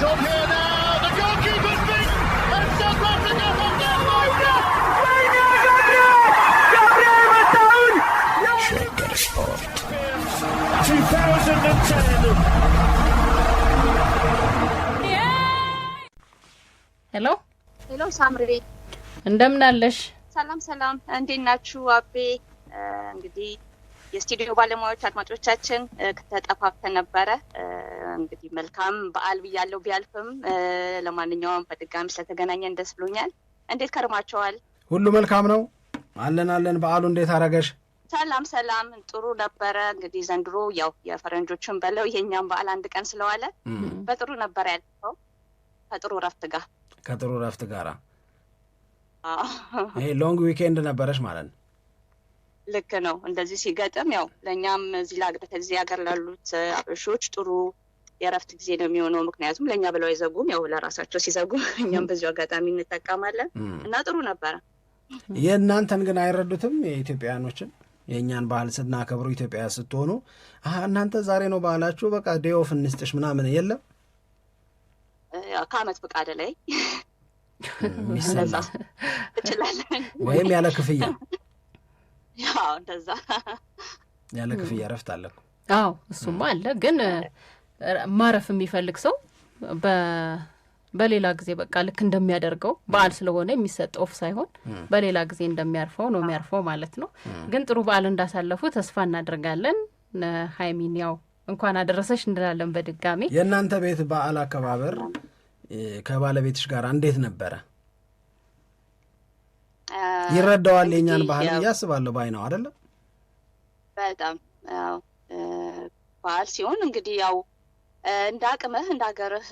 It's on here now. The goalkeeper's big. And South Africa have got Gabriel! Gabriel! Gabriel down! Checker Sport. 2010. ሄሎ ሄሎ፣ ሳምሪ እንደምን አለሽ? ሰላም ሰላም፣ እንዴት ናችሁ? አቤ እንግዲህ የስቱዲዮ ባለሙያዎች አድማጮቻችን ተጠፋፍተን ነበረ። እንግዲህ መልካም በዓል ብያለው ቢያልፍም፣ ለማንኛውም በድጋሚ ስለተገናኘን ደስ ብሎኛል። እንዴት ከርማቸዋል? ሁሉ መልካም ነው አለን አለን። በዓሉ እንዴት አረገሽ? ሰላም ሰላም፣ ጥሩ ነበረ። እንግዲህ ዘንድሮ ያው የፈረንጆችን በለው የእኛም በዓል አንድ ቀን ስለዋለ በጥሩ ነበረ ያለፈው ከጥሩ እረፍት ጋር ከጥሩ እረፍት ጋራ ይሄ ሎንግ ዊኬንድ ነበረች ማለት ነው። ልክ ነው። እንደዚህ ሲገጥም ያው ለእኛም እዚህ ሀገር ላሉት አበሾች ጥሩ የእረፍት ጊዜ ነው የሚሆነው። ምክንያቱም ለእኛ ብለው አይዘጉም፣ ያው ለራሳቸው ሲዘጉም እኛም በዚሁ አጋጣሚ እንጠቀማለን እና ጥሩ ነበረ። የእናንተን ግን አይረዱትም የኢትዮጵያውያኖችን የእኛን ባህል ስናከብሩ ኢትዮጵያ ስትሆኑ እናንተ ዛሬ ነው ባህላችሁ፣ በቃ ዴዮፍ እንስጥሽ ምናምን የለም። ከአመት ፍቃድ ላይ ይችላለን ወይም ያለ ክፍያ እንደዛ ያለ ክፍያ እረፍት አለ። አዎ እሱማ አለ። ግን ማረፍ የሚፈልግ ሰው በሌላ ጊዜ በቃ ልክ እንደሚያደርገው በዓል ስለሆነ የሚሰጥ ኦፍ ሳይሆን በሌላ ጊዜ እንደሚያርፈው ነው የሚያርፈው ማለት ነው። ግን ጥሩ በዓል እንዳሳለፉ ተስፋ እናደርጋለን። ሀይሚን ያው እንኳን አደረሰሽ እንላለን በድጋሚ። የእናንተ ቤት በዓል አከባበር ከባለቤትሽ ጋር እንዴት ነበረ? ይረዳዋል የኛን ባህል እያስባለሁ ባይ ነው አደለም በጣም ባህል ሲሆን እንግዲህ ያው እንደ አቅምህ እንደ ሀገርህ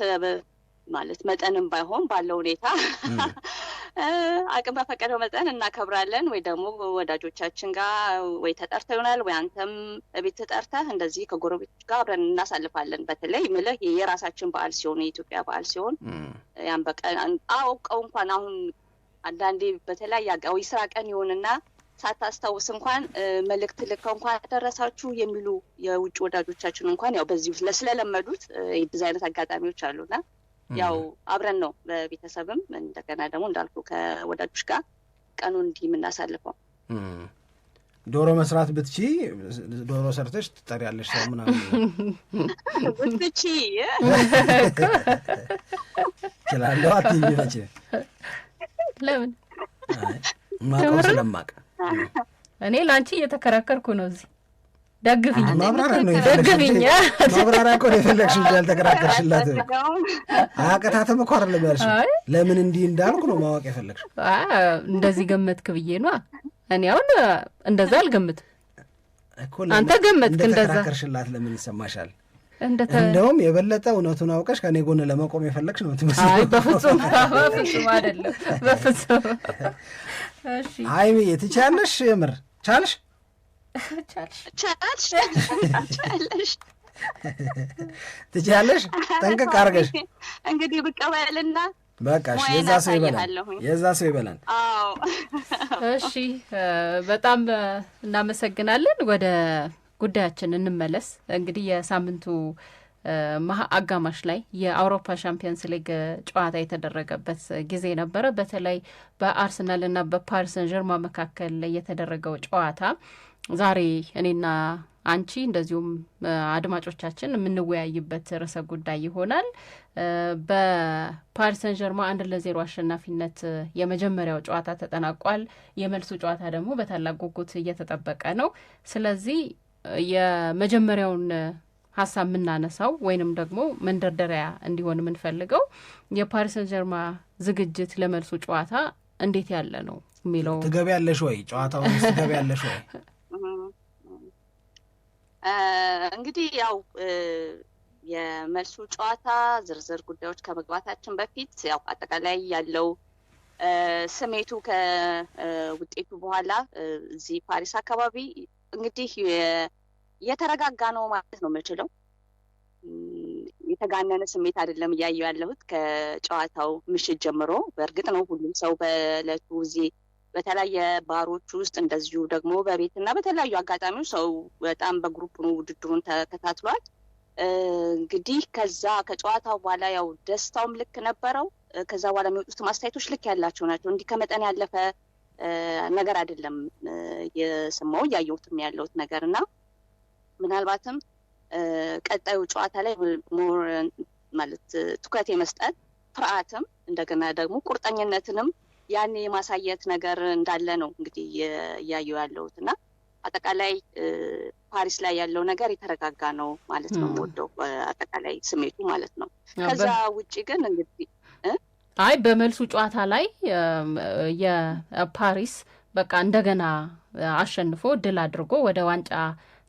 ማለት መጠንም ባይሆን ባለው ሁኔታ አቅም በፈቀደው መጠን እናከብራለን። ወይ ደግሞ ወዳጆቻችን ጋር ወይ ተጠርተ ይሆናል ወይ አንተም ቤት ተጠርተህ እንደዚህ ከጎረቤቶች ጋር አብረን እናሳልፋለን። በተለይ ምልህ የራሳችን በዓል ሲሆን የኢትዮጵያ በዓል ሲሆን ያን በቀን አውቀው እንኳን አሁን አንዳንዴ በተለያየ አጋዊ ስራ ቀን ይሆንና ሳታስታውስ እንኳን መልእክት ልከው እንኳን ደረሳችሁ የሚሉ የውጭ ወዳጆቻችን እንኳን ያው በዚህ ስለለመዱት የብዙ አይነት አጋጣሚዎች አሉና ያው አብረን ነው በቤተሰብም እንደገና ደግሞ እንዳልኩ ከወዳጆች ጋር ቀኑ እንዲህ የምናሳልፈው። ዶሮ መስራት ብትቺ ዶሮ ሰርተሽ ትጠሪያለሽ ሰው ምና ብትቺ እችላለሁ አትኝ መቼ ለምን ማውቀው ስለማውቅ እኔ ለአንቺ እየተከራከርኩ ነው። እዚህ ደግፍኝ፣ ደግፍኝ። ማብራሪያ እኮ የፈለግሽ እንጂ ያልተከራከርሽላት አያቀታትም እኮ አይደለም ያልሽው። ለምን እንዲህ እንዳልኩ ነው ማወቅ የፈለግሽ እንደዚህ ገመትክ ብዬ ነዋ። እኔ አሁን እንደዛ አልገምትም። አንተ ገመትክ። እንደዛ ከራከርሽላት ለምን ይሰማሻል? እንደውም የበለጠ እውነቱን አውቀሽ ከኔ ጎን ለመቆም የፈለግሽ ነው ትመስል። በፍጹም በፍጹም አይደለም፣ በፍጹም ሀይሚ ትችያለሽ። ምር ቻልሽ ቻልሽ ትችያለሽ። ጠንቅቅ አርገሽ እንግዲህ ብቅ በልና በቃ የዛ ሰው ይበላል፣ የዛ ሰው ይበላል። እሺ፣ በጣም እናመሰግናለን ወደ ጉዳያችን እንመለስ። እንግዲህ የሳምንቱ መሀ አጋማሽ ላይ የአውሮፓ ሻምፒየንስ ሊግ ጨዋታ የተደረገበት ጊዜ ነበረ። በተለይ በአርሰናልና በፓሪስ ሰን መካከል ላይ የተደረገው ጨዋታ ዛሬ እኔና አንቺ እንደዚሁም አድማጮቻችን የምንወያይበት ርዕሰ ጉዳይ ይሆናል። በፓሪስ ሰን አንድ ለዜሮ አሸናፊነት የመጀመሪያው ጨዋታ ተጠናቋል። የመልሱ ጨዋታ ደግሞ በታላቅ ጉጉት እየተጠበቀ ነው። ስለዚህ የመጀመሪያውን ሀሳብ የምናነሳው ወይንም ደግሞ መንደርደሪያ እንዲሆን የምንፈልገው የፓሪሰን ጀርማ ዝግጅት ለመልሱ ጨዋታ እንዴት ያለ ነው የሚለው ያለሽ ወይ ትገቢ ያለሽ ወይ? እንግዲህ ያው የመልሱ ጨዋታ ዝርዝር ጉዳዮች ከመግባታችን በፊት ያው አጠቃላይ ያለው ስሜቱ ከውጤቱ በኋላ እዚህ ፓሪስ አካባቢ እንግዲህ የተረጋጋ ነው ማለት ነው የምችለው። የተጋነነ ስሜት አይደለም እያየሁ ያለሁት ከጨዋታው ምሽት ጀምሮ። በእርግጥ ነው ሁሉም ሰው በእለቱ እዚህ በተለያየ ባሮች ውስጥ እንደዚሁ ደግሞ በቤት እና በተለያዩ አጋጣሚው ሰው በጣም በግሩፕ ነው ውድድሩን ተከታትሏል። እንግዲህ ከዛ ከጨዋታው በኋላ ያው ደስታውም ልክ ነበረው። ከዛ በኋላ የሚወጡት ማስተያየቶች ልክ ያላቸው ናቸው። እንዲህ ከመጠን ያለፈ ነገር አይደለም የሰማው እያየሁትም ያለሁት ነገር እና ምናልባትም ቀጣዩ ጨዋታ ላይ ሞር ማለት ትኩረት የመስጠት ፍርሃትም እንደገና ደግሞ ቁርጠኝነትንም ያን የማሳየት ነገር እንዳለ ነው እንግዲህ እያየው ያለሁት እና አጠቃላይ ፓሪስ ላይ ያለው ነገር የተረጋጋ ነው ማለት ነው። ወደው አጠቃላይ ስሜቱ ማለት ነው። ከዛ ውጭ ግን እንግዲህ አይ በመልሱ ጨዋታ ላይ የፓሪስ በቃ እንደገና አሸንፎ ድል አድርጎ ወደ ዋንጫ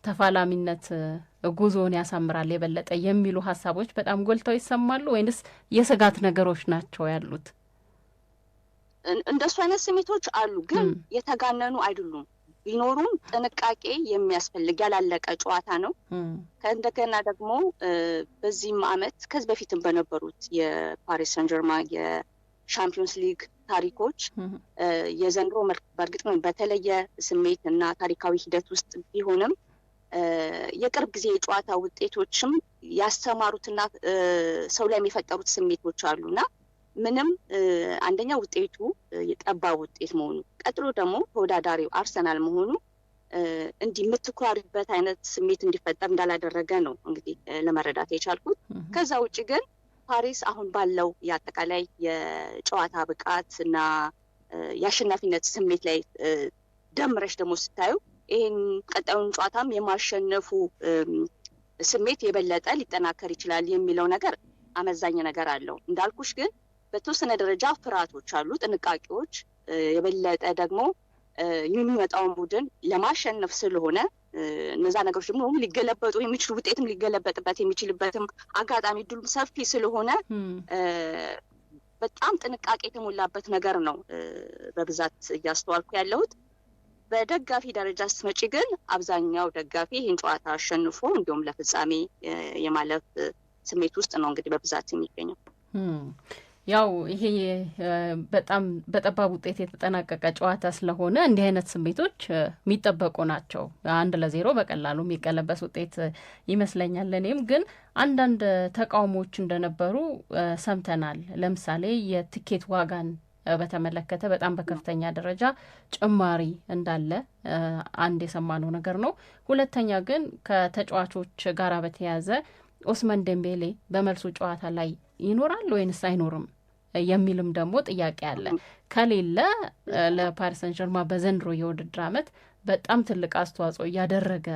ተፋላሚነት ጉዞውን ያሳምራል የበለጠ የሚሉ ሀሳቦች በጣም ጎልተው ይሰማሉ ወይንስ የስጋት ነገሮች ናቸው ያሉት? እንደሱ አይነት ስሜቶች አሉ፣ ግን የተጋነኑ አይደሉም። ቢኖሩም ጥንቃቄ የሚያስፈልግ ያላለቀ ጨዋታ ነው። ከእንደገና ደግሞ በዚህም አመት ከዚህ በፊትም በነበሩት የፓሪስ ሰንጀርማ የሻምፒዮንስ ሊግ ታሪኮች የዘንድሮ በእርግጥ በተለየ ስሜት እና ታሪካዊ ሂደት ውስጥ ቢሆንም የቅርብ ጊዜ የጨዋታ ውጤቶችም ያስተማሩትና ሰው ላይ የሚፈጠሩት ስሜቶች አሉና ምንም አንደኛ ውጤቱ የጠባብ ውጤት መሆኑ፣ ቀጥሎ ደግሞ ተወዳዳሪው አርሰናል መሆኑ እንዲህ የምትኮራሪበት አይነት ስሜት እንዲፈጠር እንዳላደረገ ነው እንግዲህ ለመረዳት የቻልኩት። ከዛ ውጭ ግን ፓሪስ አሁን ባለው የአጠቃላይ የጨዋታ ብቃት እና የአሸናፊነት ስሜት ላይ ደምረሽ ደግሞ ስታዩ ይህን ቀጣዩን ጨዋታም የማሸነፉ ስሜት የበለጠ ሊጠናከር ይችላል የሚለው ነገር አመዛኝ ነገር አለው። እንዳልኩሽ ግን በተወሰነ ደረጃ ፍርሃቶች አሉ፣ ጥንቃቄዎች የበለጠ ደግሞ የሚመጣውን ቡድን ለማሸነፍ ስለሆነ እነዛ ነገሮች ደግሞ ሊገለበጡ የሚችሉ ውጤትም ሊገለበጥበት የሚችልበትም አጋጣሚ እድሉም ሰፊ ስለሆነ በጣም ጥንቃቄ የተሞላበት ነገር ነው በብዛት እያስተዋልኩ ያለሁት። በደጋፊ ደረጃ ስትመጪ ግን አብዛኛው ደጋፊ ይህን ጨዋታ አሸንፎ እንዲሁም ለፍጻሜ የማለፍ ስሜት ውስጥ ነው እንግዲህ በብዛት የሚገኘው። ያው ይሄ በጣም በጠባብ ውጤት የተጠናቀቀ ጨዋታ ስለሆነ እንዲህ አይነት ስሜቶች የሚጠበቁ ናቸው። አንድ ለዜሮ በቀላሉ የሚቀለበስ ውጤት ይመስለኛል። እኔም ግን አንዳንድ ተቃውሞዎች እንደነበሩ ሰምተናል። ለምሳሌ የትኬት ዋጋን በተመለከተ በጣም በከፍተኛ ደረጃ ጭማሪ እንዳለ አንድ የሰማነው ነገር ነው። ሁለተኛ ግን ከተጫዋቾች ጋር በተያያዘ ኦስመን ደምቤሌ በመልሱ ጨዋታ ላይ ይኖራል ወይንስ አይኖርም? የሚልም ደግሞ ጥያቄ አለ። ከሌለ ለፓሪስ ሰን ጀርማ በዘንድሮ የውድድር ዓመት በጣም ትልቅ አስተዋጽኦ እያደረገ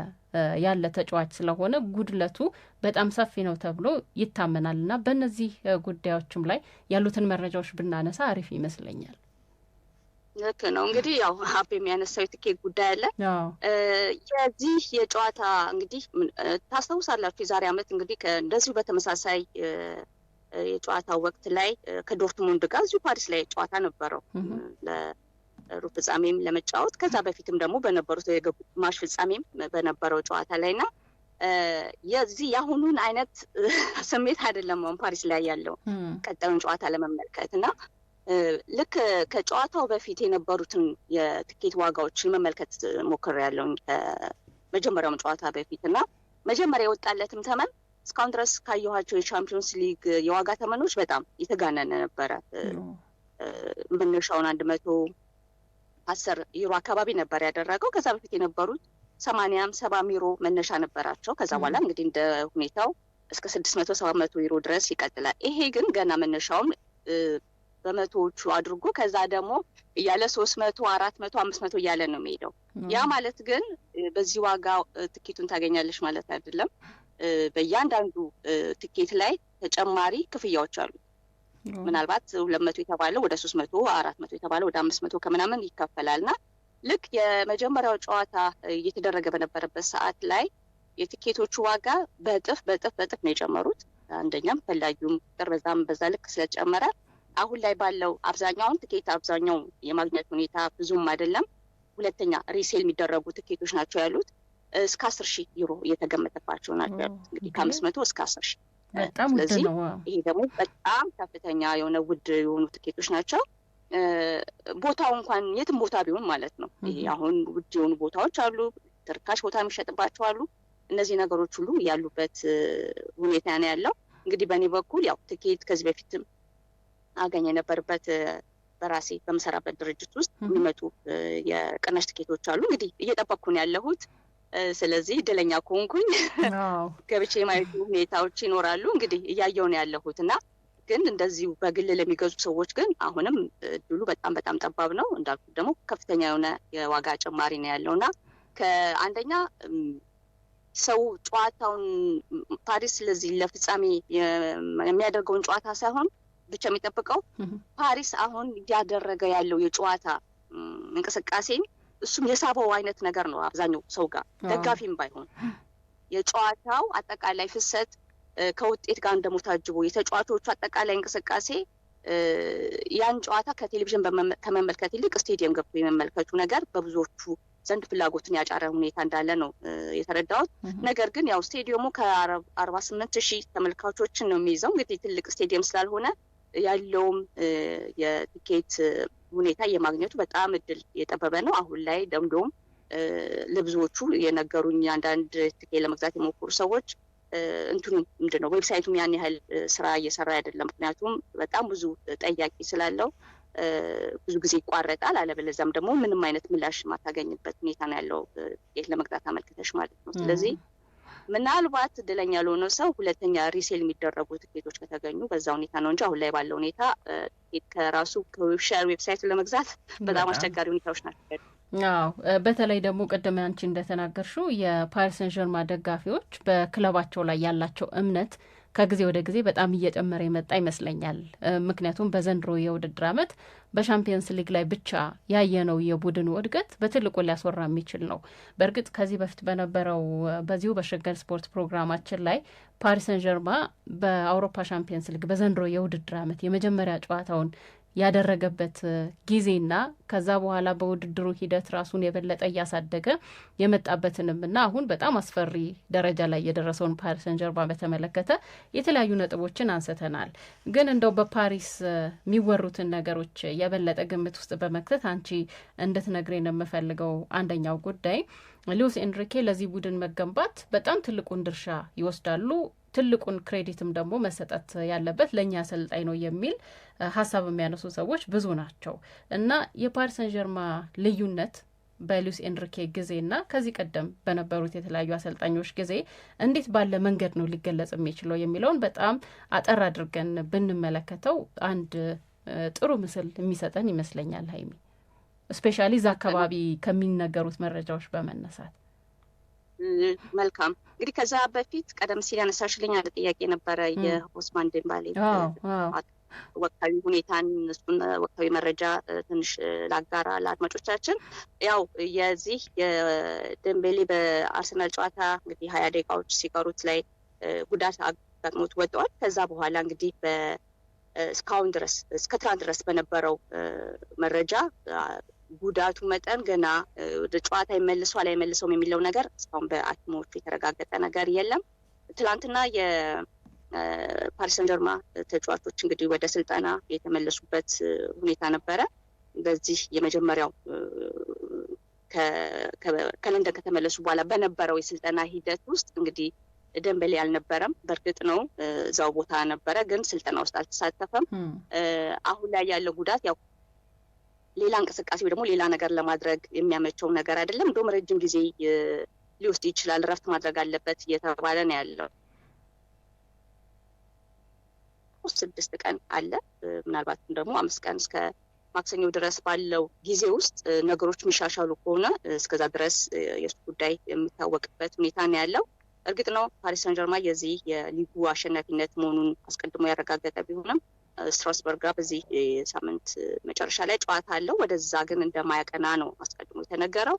ያለ ተጫዋች ስለሆነ ጉድለቱ በጣም ሰፊ ነው ተብሎ ይታመናል እና በእነዚህ ጉዳዮችም ላይ ያሉትን መረጃዎች ብናነሳ አሪፍ ይመስለኛል። ልክ ነው እንግዲህ ያው ሀብ የሚያነሳው የትኬት ጉዳይ አለ። የዚህ የጨዋታ እንግዲህ ታስታውሳላችሁ የዛሬ ዓመት እንግዲህ እንደዚሁ በተመሳሳይ የጨዋታው ወቅት ላይ ከዶርትሙንድ ጋር እዚሁ ፓሪስ ላይ ጨዋታ ነበረው ሩብ ፍጻሜም ለመጫወት ከዛ በፊትም ደግሞ በነበሩት የግማሽ ፍጻሜም በነበረው ጨዋታ ላይ ና የዚህ የአሁኑን አይነት ስሜት አይደለም አሁን ፓሪስ ላይ ያለው ቀጣዩን ጨዋታ ለመመልከት እና ልክ ከጨዋታው በፊት የነበሩትን የትኬት ዋጋዎች መመልከት ያለው መጀመሪያውን ጨዋታ በፊት እና መጀመሪያ የወጣለትም ተመን እስካሁን ድረስ ካየኋቸው የቻምፒዮንስ ሊግ የዋጋ ተመኖች በጣም የተጋነነ ነበረ። መነሻውን አንድ መቶ አስር ዩሮ አካባቢ ነበር ያደረገው። ከዛ በፊት የነበሩት ሰማንያም ሰባም ዩሮ መነሻ ነበራቸው። ከዛ በኋላ እንግዲህ እንደ ሁኔታው እስከ ስድስት መቶ ሰባት መቶ ዩሮ ድረስ ይቀጥላል። ይሄ ግን ገና መነሻውም በመቶዎቹ አድርጎ ከዛ ደግሞ እያለ ሶስት መቶ አራት መቶ አምስት መቶ እያለ ነው የሚሄደው። ያ ማለት ግን በዚህ ዋጋ ትኬቱን ታገኛለች ማለት አይደለም። በእያንዳንዱ ትኬት ላይ ተጨማሪ ክፍያዎች አሉ። ምናልባት ሁለት መቶ የተባለው ወደ ሶስት መቶ አራት መቶ የተባለው ወደ አምስት መቶ ከምናምን ይከፈላል እና ልክ የመጀመሪያው ጨዋታ እየተደረገ በነበረበት ሰዓት ላይ የትኬቶቹ ዋጋ በእጥፍ በእጥፍ በእጥፍ ነው የጨመሩት። አንደኛም ፈላጊውም ቁጥር በዛም በዛ ልክ ስለጨመረ አሁን ላይ ባለው አብዛኛውን ትኬት አብዛኛው የማግኘት ሁኔታ ብዙም አይደለም። ሁለተኛ ሪሴል የሚደረጉ ትኬቶች ናቸው ያሉት። እስከ አስር ሺህ ዩሮ እየተገመተባቸው ናቸው እንግዲህ ከአምስት መቶ እስከ አስር ሺህ ስለዚህ ይሄ ደግሞ በጣም ከፍተኛ የሆነ ውድ የሆኑ ትኬቶች ናቸው። ቦታው እንኳን የትም ቦታ ቢሆን ማለት ነው። ይሄ አሁን ውድ የሆኑ ቦታዎች አሉ፣ ትርካሽ ቦታ የሚሸጥባቸው አሉ። እነዚህ ነገሮች ሁሉ ያሉበት ሁኔታ ነው ያለው። እንግዲህ በእኔ በኩል ያው ትኬት ከዚህ በፊትም አገኝ የነበርበት በራሴ በምሰራበት ድርጅት ውስጥ የሚመጡ የቅናሽ ትኬቶች አሉ። እንግዲህ እየጠበቅኩ ነው ያለሁት ስለዚህ እድለኛ ከሆንኩኝ ገብቼ ማየቱ ሁኔታዎች ይኖራሉ። እንግዲህ እያየው ነው ያለሁት እና ግን እንደዚሁ በግል ለሚገዙ ሰዎች ግን አሁንም እድሉ በጣም በጣም ጠባብ ነው። እንዳልኩት ደግሞ ከፍተኛ የሆነ የዋጋ ጭማሪ ነው ያለው እና ከአንደኛ ሰው ጨዋታውን ፓሪስ ስለዚህ ለፍጻሜ የሚያደርገውን ጨዋታ ሳይሆን ብቻ የሚጠብቀው ፓሪስ አሁን እያደረገ ያለው የጨዋታ እንቅስቃሴ እሱም የሳበው አይነት ነገር ነው። አብዛኛው ሰው ጋር ደጋፊም ባይሆን የጨዋታው አጠቃላይ ፍሰት ከውጤት ጋር ደግሞ ታጅቦ የተጫዋቾቹ አጠቃላይ እንቅስቃሴ ያን ጨዋታ ከቴሌቪዥን ከመመልከት ይልቅ ስቴዲየም ገብቶ የመመልከቱ ነገር በብዙዎቹ ዘንድ ፍላጎትን ያጫረ ሁኔታ እንዳለ ነው የተረዳሁት። ነገር ግን ያው ስቴዲየሙ ከአርባ ስምንት ሺህ ተመልካቾችን ነው የሚይዘው። እንግዲህ ትልቅ ስቴዲየም ስላልሆነ ያለውም የቲኬት ሁኔታ የማግኘቱ በጣም እድል የጠበበ ነው። አሁን ላይ ደምዶም ለብዙዎቹ የነገሩኝ አንዳንድ ትኬት ለመግዛት የሞከሩ ሰዎች እንትኑ ምንድን ነው ዌብሳይቱም ያን ያህል ስራ እየሰራ አይደለም። ምክንያቱም በጣም ብዙ ጠያቂ ስላለው ብዙ ጊዜ ይቋረጣል። አለበለዚያም ደግሞ ምንም አይነት ምላሽ የማታገኝበት ሁኔታ ነው ያለው ትኬት ለመግዛት አመልክተሽ ማለት ነው። ስለዚህ ምናልባት እድለኛ ለሆነ ሰው ሁለተኛ ሪሴል የሚደረጉ ትኬቶች ከተገኙ በዛ ሁኔታ ነው እንጂ አሁን ላይ ባለው ሁኔታ ትኬት ከራሱ ከዌብሻር ዌብሳይቱ ለመግዛት በጣም አስቸጋሪ ሁኔታዎች ናቸው። አዎ በተለይ ደግሞ ቅድም አንቺ እንደተናገርሽው የፓሪስ ሰን ዠርማ ደጋፊዎች በክለባቸው ላይ ያላቸው እምነት ከጊዜ ወደ ጊዜ በጣም እየጨመረ የመጣ ይመስለኛል። ምክንያቱም በዘንድሮ የውድድር ዓመት በሻምፒየንስ ሊግ ላይ ብቻ ያየነው የቡድኑ እድገት በትልቁ ሊያስወራ የሚችል ነው። በእርግጥ ከዚህ በፊት በነበረው በዚሁ በሸገር ስፖርት ፕሮግራማችን ላይ ፓሪስ ሰን ጀርማ በአውሮፓ ሻምፒየንስ ሊግ በዘንድሮ የውድድር ዓመት የመጀመሪያ ጨዋታውን ያደረገበት ጊዜና ከዛ በኋላ በውድድሩ ሂደት ራሱን የበለጠ እያሳደገ የመጣበትንም እና አሁን በጣም አስፈሪ ደረጃ ላይ የደረሰውን ፓሪሰን ጀርባ በተመለከተ የተለያዩ ነጥቦችን አንስተናል። ግን እንደው በፓሪስ የሚወሩትን ነገሮች የበለጠ ግምት ውስጥ በመክተት አንቺ እንድትነግሬን የምፈልገው አንደኛው ጉዳይ ሉዊስ ኤንሪኬ ለዚህ ቡድን መገንባት በጣም ትልቁን ድርሻ ይወስዳሉ ትልቁን ክሬዲትም ደግሞ መሰጠት ያለበት ለእኛ አሰልጣኝ ነው የሚል ሀሳብ የሚያነሱ ሰዎች ብዙ ናቸው እና የፓሪሰን ጀርማ ልዩነት በሉስ ኤንሪኬ ጊዜና ከዚህ ቀደም በነበሩት የተለያዩ አሰልጣኞች ጊዜ እንዴት ባለ መንገድ ነው ሊገለጽ የሚችለው የሚለውን በጣም አጠር አድርገን ብንመለከተው አንድ ጥሩ ምስል የሚሰጠን ይመስለኛል። ሀይሚ ስፔሻሊ እዛ አካባቢ ከሚነገሩት መረጃዎች በመነሳት መልካም እንግዲህ ከዛ በፊት ቀደም ሲል ያነሳሽልኝ አንድ ጥያቄ ነበረ። የኦስማን ዴምባሌ ወቅታዊ ሁኔታን እሱን ወቅታዊ መረጃ ትንሽ ላጋራ ለአድማጮቻችን። ያው የዚህ የደንቤሌ በአርሰናል ጨዋታ እንግዲህ ሀያ ደቂቃዎች ሲቀሩት ላይ ጉዳት አጋጥሞት ወጥተዋል። ከዛ በኋላ እንግዲህ በ እስካሁን ድረስ እስከ ትናንት ድረስ በነበረው መረጃ ጉዳቱ መጠን ገና ወደ ጨዋታ ይመልሷል አይመልሰውም የሚለው ነገር እስካሁን በአክሞቹ የተረጋገጠ ነገር የለም። ትላንትና የፓሪሰንጀርማ ተጫዋቾች እንግዲህ ወደ ስልጠና የተመለሱበት ሁኔታ ነበረ። በዚህ የመጀመሪያው ከለንደን ከተመለሱ በኋላ በነበረው የስልጠና ሂደት ውስጥ እንግዲህ ደንበሌ አልነበረም። በእርግጥ ነው እዛው ቦታ ነበረ፣ ግን ስልጠና ውስጥ አልተሳተፈም። አሁን ላይ ያለው ጉዳት ያው ሌላ እንቅስቃሴ ወይ ደግሞ ሌላ ነገር ለማድረግ የሚያመቸው ነገር አይደለም። እንደውም ረጅም ጊዜ ሊወስድ ይችላል፣ እረፍት ማድረግ አለበት እየተባለ ነው ያለው። ስድስት ቀን አለ። ምናልባትም ደግሞ አምስት ቀን እስከ ማክሰኞ ድረስ ባለው ጊዜ ውስጥ ነገሮች የሚሻሻሉ ከሆነ እስከዛ ድረስ የእሱ ጉዳይ የሚታወቅበት ሁኔታ ነው ያለው። እርግጥ ነው ፓሪስ ሰንጀርማ የዚህ የሊጉ አሸናፊነት መሆኑን አስቀድሞ ያረጋገጠ ቢሆንም ስትራስበርግ ጋር በዚህ ሳምንት መጨረሻ ላይ ጨዋታ አለው። ወደዛ ግን እንደማያቀና ነው አስቀድሞ የተነገረው።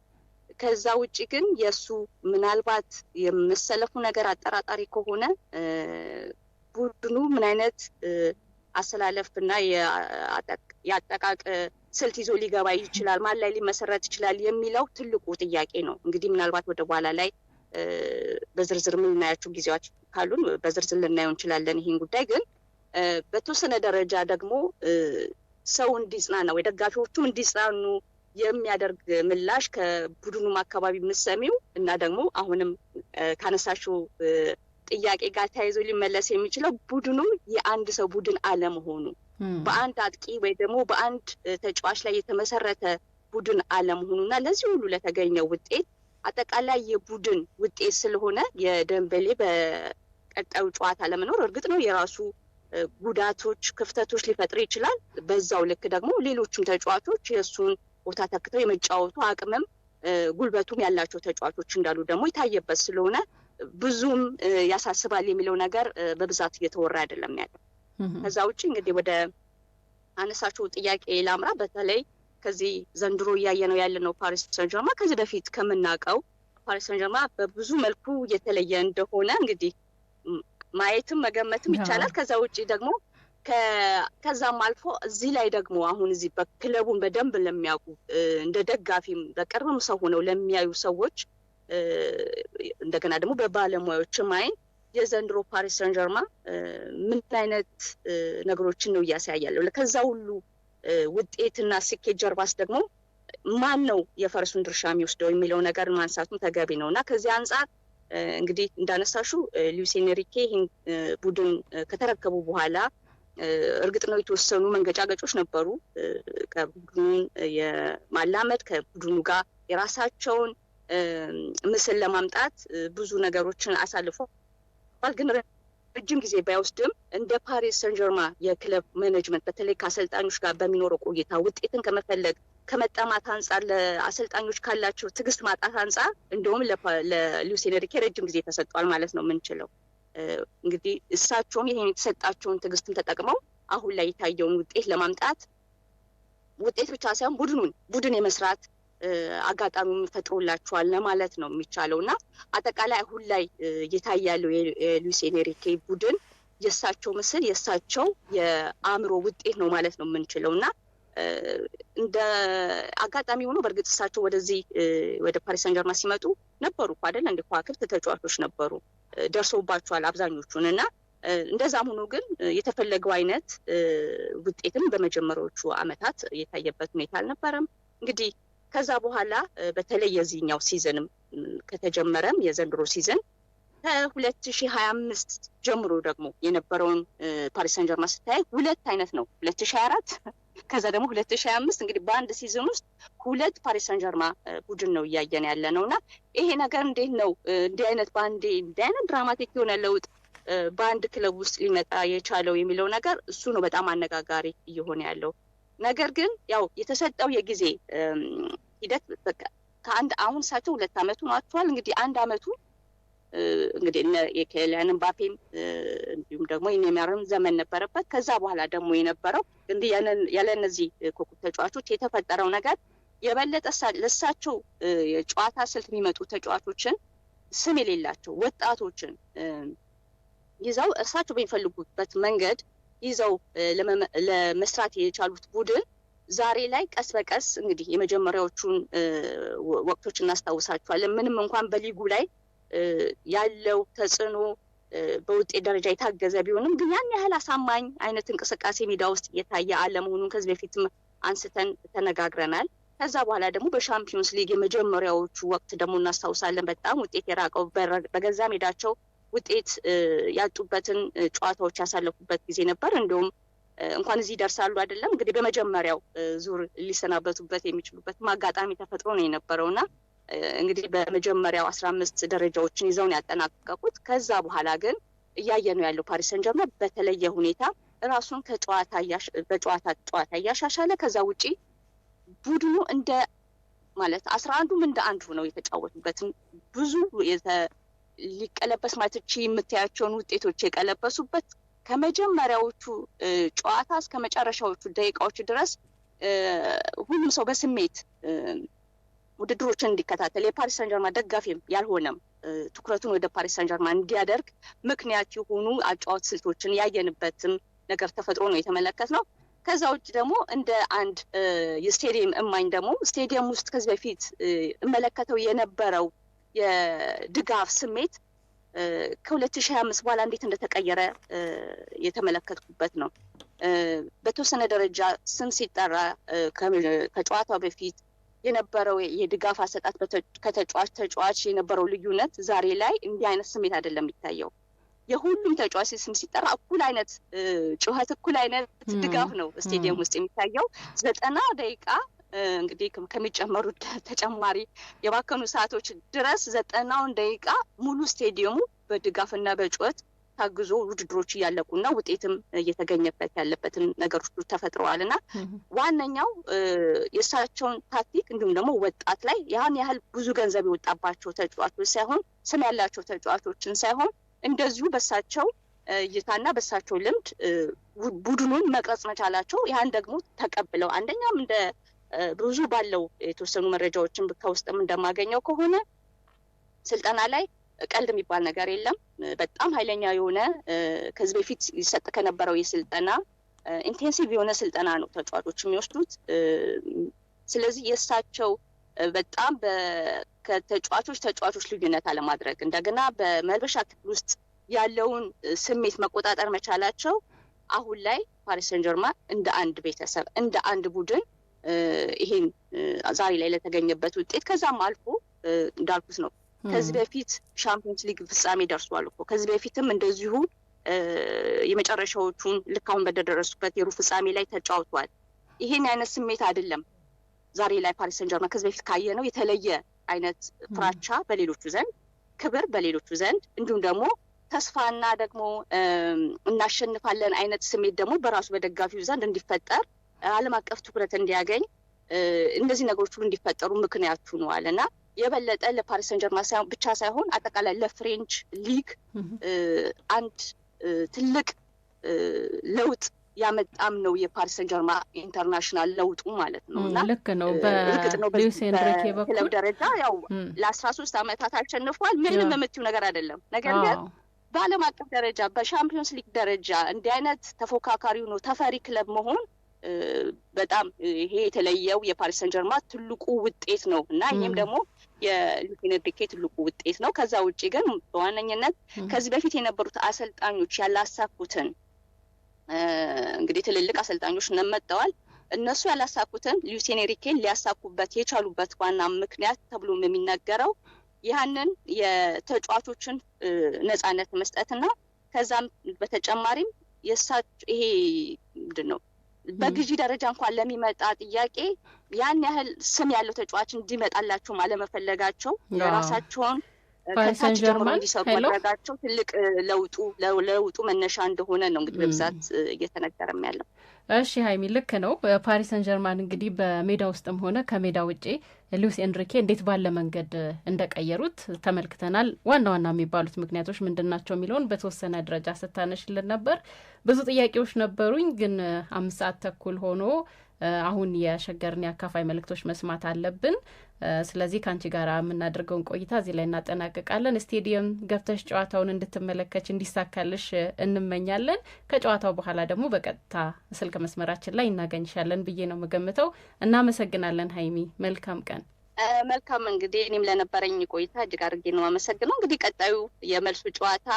ከዛ ውጭ ግን የእሱ ምናልባት የመሰለፉ ነገር አጠራጣሪ ከሆነ ቡድኑ ምን አይነት አሰላለፍ እና የአጠቃቅ ስልት ይዞ ሊገባ ይችላል፣ ማን ላይ ሊመሰረት ይችላል የሚለው ትልቁ ጥያቄ ነው። እንግዲህ ምናልባት ወደ በኋላ ላይ በዝርዝር የምናያቸው ጊዜዎች ካሉን በዝርዝር ልናየው እንችላለን። ይህን ጉዳይ ግን በተወሰነ ደረጃ ደግሞ ሰው እንዲጽናና ወይ ደጋፊዎቹም እንዲጽናኑ የሚያደርግ ምላሽ ከቡድኑም አካባቢ የምሰሚው እና ደግሞ አሁንም ካነሳሽው ጥያቄ ጋር ተያይዞ ሊመለስ የሚችለው ቡድኑ የአንድ ሰው ቡድን አለመሆኑ በአንድ አጥቂ ወይ ደግሞ በአንድ ተጫዋች ላይ የተመሰረተ ቡድን አለመሆኑ እና ለዚህ ሁሉ ለተገኘው ውጤት አጠቃላይ የቡድን ውጤት ስለሆነ የደንበሌ በቀጣዩ ጨዋታ ለመኖር እርግጥ ነው የራሱ ጉዳቶች፣ ክፍተቶች ሊፈጥር ይችላል። በዛው ልክ ደግሞ ሌሎችም ተጫዋቾች የእሱን ቦታ ተክተው የመጫወቱ አቅምም ጉልበቱም ያላቸው ተጫዋቾች እንዳሉ ደግሞ ይታየበት ስለሆነ ብዙም ያሳስባል የሚለው ነገር በብዛት እየተወራ አይደለም ያለው። ከዛ ውጭ እንግዲህ ወደ አነሳቸው ጥያቄ ላምራ። በተለይ ከዚህ ዘንድሮ ያለ ነው ፓሪስ ሰንጀርማ ከዚህ በፊት ከምናውቀው ፓሪስ ሰንጀርማ በብዙ መልኩ እየተለየ እንደሆነ እንግዲህ ማየትም መገመትም ይቻላል። ከዛ ውጭ ደግሞ ከዛም አልፎ እዚህ ላይ ደግሞ አሁን እዚህ በክለቡን በደንብ ለሚያውቁ እንደ ደጋፊም በቅርብም ሰው ሆነው ለሚያዩ ሰዎች እንደገና ደግሞ በባለሙያዎችም አይን የዘንድሮ ፓሪስ ሰንጀርማ ምን አይነት ነገሮችን ነው እያሳያለሁ። ከዛ ሁሉ ውጤትና ስኬት ጀርባስ ደግሞ ማን ነው የፈረሱን ድርሻ የሚወስደው የሚለው ነገር ማንሳቱም ተገቢ ነው እና ከዚህ አንጻር እንግዲህ እንዳነሳሹ ሉዊስ ኤንሪኬ ይህን ቡድን ከተረከቡ በኋላ እርግጥ ነው የተወሰኑ መንገጫገጮች ነበሩ። ከቡድኑን የማላመድ ከቡድኑ ጋር የራሳቸውን ምስል ለማምጣት ብዙ ነገሮችን አሳልፏል። ግን ረጅም ጊዜ ባይወስድም እንደ ፓሪስ ሰንጀርማ የክለብ ማኔጅመንት በተለይ ከአሰልጣኞች ጋር በሚኖረው ቆይታ ውጤትን ከመፈለግ ከመጠማት አንጻር ለአሰልጣኞች ካላቸው ትዕግስት ማጣት አንጻር እንደውም ለሉዊስ ኤንሪኬ ረጅም ጊዜ ተሰጧል ማለት ነው የምንችለው። እንግዲህ እሳቸውም ይህን የተሰጣቸውን ትዕግስትም ተጠቅመው አሁን ላይ የታየውን ውጤት ለማምጣት ውጤት ብቻ ሳይሆን ቡድኑን ቡድን የመስራት አጋጣሚውን ፈጥሮላቸዋል ለማለት ነው የሚቻለው እና አጠቃላይ አሁን ላይ እየታየ ያለው የሉዊስ ኤንሪኬ ቡድን የእሳቸው ምስል የእሳቸው የአእምሮ ውጤት ነው ማለት ነው የምንችለው እና እንደ አጋጣሚ ሆኖ በእርግጥ እሳቸው ወደዚህ ወደ ፓሪስ ሰን ሲመጡ ነበሩ እኮ አይደል እንደ ከዋክብት ተጫዋቾች ነበሩ ደርሶባቸዋል አብዛኞቹን እና እንደዛም ሆኖ ግን የተፈለገው አይነት ውጤትም በመጀመሪያዎቹ አመታት የታየበት ሁኔታ አልነበረም። እንግዲህ ከዛ በኋላ በተለይ የዚህኛው ሲዝንም ከተጀመረም የዘንድሮ ሲዝን ከሁለት ሺ ሀያ አምስት ጀምሮ ደግሞ የነበረውን ፓሪስ ሰንጀርማ ስታይ ሁለት አይነት ነው ሁለት ሺ ሀያ አራት ከዛ ደግሞ ሁለት ሺ አምስት እንግዲህ በአንድ ሲዝን ውስጥ ሁለት ፓሪስ ሰንጀርማ ቡድን ነው እያየን ያለ ነው እና ይሄ ነገር እንዴት ነው እንዲህ አይነት በአንዴ እንዲህ አይነት ድራማቲክ የሆነ ለውጥ በአንድ ክለብ ውስጥ ሊመጣ የቻለው የሚለው ነገር እሱ ነው በጣም አነጋጋሪ እየሆነ ያለው ነገር ግን ያው የተሰጠው የጊዜ ሂደት ከአንድ አሁን እሳቸው ሁለት አመቱ አቷል እንግዲህ አንድ አመቱ እንግዲህ የኬሊያን ምባፔም እንዲሁም ደግሞ የኔይማርም ዘመን ነበረበት። ከዛ በኋላ ደግሞ የነበረው እንግዲህ ያለ እነዚህ ኮከብ ተጫዋቾች የተፈጠረው ነገር የበለጠ ለሳቸው የጨዋታ ስልት የሚመጡ ተጫዋቾችን ስም የሌላቸው ወጣቶችን ይዘው እርሳቸው በሚፈልጉበት መንገድ ይዘው ለመስራት የቻሉት ቡድን ዛሬ ላይ ቀስ በቀስ እንግዲህ የመጀመሪያዎቹን ወቅቶች እናስታውሳቸዋለን። ምንም እንኳን በሊጉ ላይ ያለው ተጽዕኖ በውጤት ደረጃ የታገዘ ቢሆንም ግን ያን ያህል አሳማኝ አይነት እንቅስቃሴ ሜዳ ውስጥ እየታየ አለመሆኑን ከዚህ በፊትም አንስተን ተነጋግረናል። ከዛ በኋላ ደግሞ በሻምፒዮንስ ሊግ የመጀመሪያዎቹ ወቅት ደግሞ እናስታውሳለን። በጣም ውጤት የራቀው በገዛ ሜዳቸው ውጤት ያጡበትን ጨዋታዎች ያሳለፉበት ጊዜ ነበር። እንዲሁም እንኳን እዚህ ይደርሳሉ አይደለም እንግዲህ በመጀመሪያው ዙር ሊሰናበቱበት የሚችሉበትም አጋጣሚ ተፈጥሮ ነው የነበረው እና እንግዲህ በመጀመሪያው አስራ አምስት ደረጃዎችን ይዘውን ያጠናቀቁት። ከዛ በኋላ ግን እያየ ነው ያለው ፓሪስ ሰን ጀርመን በተለየ ሁኔታ ራሱን ከጨዋታ በጨዋታ ጨዋታ እያሻሻለ ከዛ ውጪ ቡድኑ እንደ ማለት አስራ አንዱም እንደ አንዱ ነው የተጫወቱበትም ብዙ ሊቀለበስ ማለት የምታያቸውን ውጤቶች የቀለበሱበት ከመጀመሪያዎቹ ጨዋታ እስከ መጨረሻዎቹ ደቂቃዎች ድረስ ሁሉም ሰው በስሜት ውድድሮችን እንዲከታተል የፓሪስ ሰንጀርማ ደጋፊም ያልሆነም ትኩረቱን ወደ ፓሪስ ሰንጀርማ እንዲያደርግ ምክንያት የሆኑ አጫዋት ስልቶችን ያየንበትም ነገር ተፈጥሮ ነው የተመለከት ነው። ከዛ ውጭ ደግሞ እንደ አንድ የስቴዲየም እማኝ ደግሞ ስቴዲየም ውስጥ ከዚህ በፊት እመለከተው የነበረው የድጋፍ ስሜት ከሁለት ሀያ አምስት በኋላ እንዴት እንደተቀየረ የተመለከትኩበት ነው። በተወሰነ ደረጃ ስም ሲጠራ ከጨዋታው በፊት የነበረው የድጋፍ አሰጣት ከተጫዋች ተጫዋች የነበረው ልዩነት ዛሬ ላይ እንዲህ አይነት ስሜት አይደለም የሚታየው። የሁሉም ተጫዋች ስም ሲጠራ እኩል አይነት ጩኸት፣ እኩል አይነት ድጋፍ ነው ስቴዲየም ውስጥ የሚታየው። ዘጠና ደቂቃ እንግዲህ ከሚጨመሩ ተጨማሪ የባከኑ ሰዓቶች ድረስ ዘጠናውን ደቂቃ ሙሉ ስቴዲየሙ በድጋፍና በጩኸት ታግዞ ውድድሮች እያለቁና ውጤትም እየተገኘበት ያለበትም ነገሮች ተፈጥረዋል እና ዋነኛው የእሳቸውን ታክቲክ እንዲሁም ደግሞ ወጣት ላይ ያን ያህል ብዙ ገንዘብ የወጣባቸው ተጫዋቾች ሳይሆን ስም ያላቸው ተጫዋቾችን ሳይሆን እንደዚሁ በሳቸው እይታና በሳቸው ልምድ ቡድኑን መቅረጽ መቻላቸው ያን ደግሞ ተቀብለው አንደኛም እንደ ብዙ ባለው የተወሰኑ መረጃዎችን ከውስጥም እንደማገኘው ከሆነ ስልጠና ላይ ቀልድ የሚባል ነገር የለም። በጣም ኃይለኛ የሆነ ከዚህ በፊት ይሰጥ ከነበረው የስልጠና ኢንቴንሲቭ የሆነ ስልጠና ነው ተጫዋቾች የሚወስዱት። ስለዚህ የእሳቸው በጣም ከተጫዋቾች ተጫዋቾች ልዩነት አለማድረግ እንደገና በመልበሻ ክፍል ውስጥ ያለውን ስሜት መቆጣጠር መቻላቸው አሁን ላይ ፓሪስ ሰንጀርማ እንደ አንድ ቤተሰብ እንደ አንድ ቡድን ይሄን ዛሬ ላይ ለተገኘበት ውጤት ከዛም አልፎ እንዳልኩት ነው ከዚህ በፊት ሻምፒዮንስ ሊግ ፍጻሜ ደርሷል እኮ ከዚህ በፊትም እንደዚሁ የመጨረሻዎቹን ልካሁን በደረሱበት የሩብ ፍጻሜ ላይ ተጫውቷል። ይሄን አይነት ስሜት አይደለም ዛሬ ላይ ፓሪስ ሰንጀርማ ከዚህ በፊት ካየ ነው የተለየ አይነት ፍራቻ በሌሎቹ ዘንድ፣ ክብር በሌሎቹ ዘንድ እንዲሁም ደግሞ ተስፋና ደግሞ እናሸንፋለን አይነት ስሜት ደግሞ በራሱ በደጋፊው ዘንድ እንዲፈጠር አለም አቀፍ ትኩረት እንዲያገኝ እነዚህ ነገሮች ሁሉ እንዲፈጠሩ ምክንያት ሁነዋል እና የበለጠ ለፓሪስ ሰንጀርማ ብቻ ሳይሆን አጠቃላይ ለፍሬንች ሊግ አንድ ትልቅ ለውጥ ያመጣም ነው የፓሪስ ሰንጀርማ ኢንተርናሽናል ለውጡ ማለት ነው። እና ልክ ነው። እርግጥ ነው በክለብ ደረጃ ያው ለአስራ ሶስት አመታት አሸንፏል። ምንም የምትይው ነገር አይደለም። ነገር ግን በአለም አቀፍ ደረጃ በሻምፒዮንስ ሊግ ደረጃ እንዲህ አይነት ተፎካካሪው ነው ተፈሪ ክለብ መሆን በጣም ይሄ የተለየው የፓሪስ ሰንጀርማ ትልቁ ውጤት ነው እና ይህም ደግሞ የሊትነት ዲኬ ትልቁ ውጤት ነው። ከዛ ውጭ ግን በዋነኝነት ከዚህ በፊት የነበሩት አሰልጣኞች ያላሳኩትን እንግዲህ ትልልቅ አሰልጣኞች መጠዋል እነሱ ያላሳኩትን ሉዊስ ሪኬን ሊያሳኩበት የቻሉበት ዋና ምክንያት ተብሎም የሚነገረው ያንን የተጫዋቾችን ነጻነት መስጠትና ከዛም በተጨማሪም የእሳቸው ይሄ ምንድን ነው በግዢ ደረጃ እንኳን ለሚመጣ ጥያቄ ያን ያህል ስም ያለው ተጫዋች እንዲመጣላቸው አለመፈለጋቸው የራሳቸውን ከታች ጀምሮ እንዲሰሩ ማድረጋቸው ትልቅ ለውጡ ለውጡ መነሻ እንደሆነ ነው እንግዲህ በብዛት እየተነገረም ያለው። እሺ ሀይሚ ልክ ነው። ፓሪስ ሰን ጀርማን እንግዲህ በሜዳ ውስጥም ሆነ ከሜዳ ውጪ ሉዊስ ኤንሪኬ እንዴት ባለ መንገድ እንደቀየሩት ተመልክተናል። ዋና ዋና የሚባሉት ምክንያቶች ምንድን ናቸው የሚለውን በተወሰነ ደረጃ ስታነሽልን ነበር። ብዙ ጥያቄዎች ነበሩኝ፣ ግን አምስት ሰዓት ተኩል ሆኖ አሁን የሸገርን የአካፋይ መልእክቶች መስማት አለብን። ስለዚህ ከአንቺ ጋር የምናደርገውን ቆይታ እዚህ ላይ እናጠናቅቃለን። ስቴዲየም ገብተሽ ጨዋታውን እንድትመለከች እንዲሳካልሽ እንመኛለን። ከጨዋታው በኋላ ደግሞ በቀጥታ ስልክ መስመራችን ላይ እናገኝሻለን ብዬ ነው የምገምተው። እናመሰግናለን ሀይሚ፣ መልካም ቀን። መልካም እንግዲህ እኔም ለነበረኝ ቆይታ እጅግ አድርጌ ነው አመሰግነው። እንግዲህ ቀጣዩ የመልሱ ጨዋታ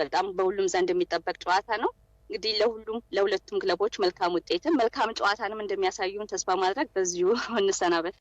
በጣም በሁሉም ዘንድ የሚጠበቅ ጨዋታ ነው። እንግዲህ ለሁሉም ለሁለቱም ክለቦች መልካም ውጤትም መልካም ጨዋታንም እንደሚያሳዩን ተስፋ ማድረግ በዚሁ እንሰናበት።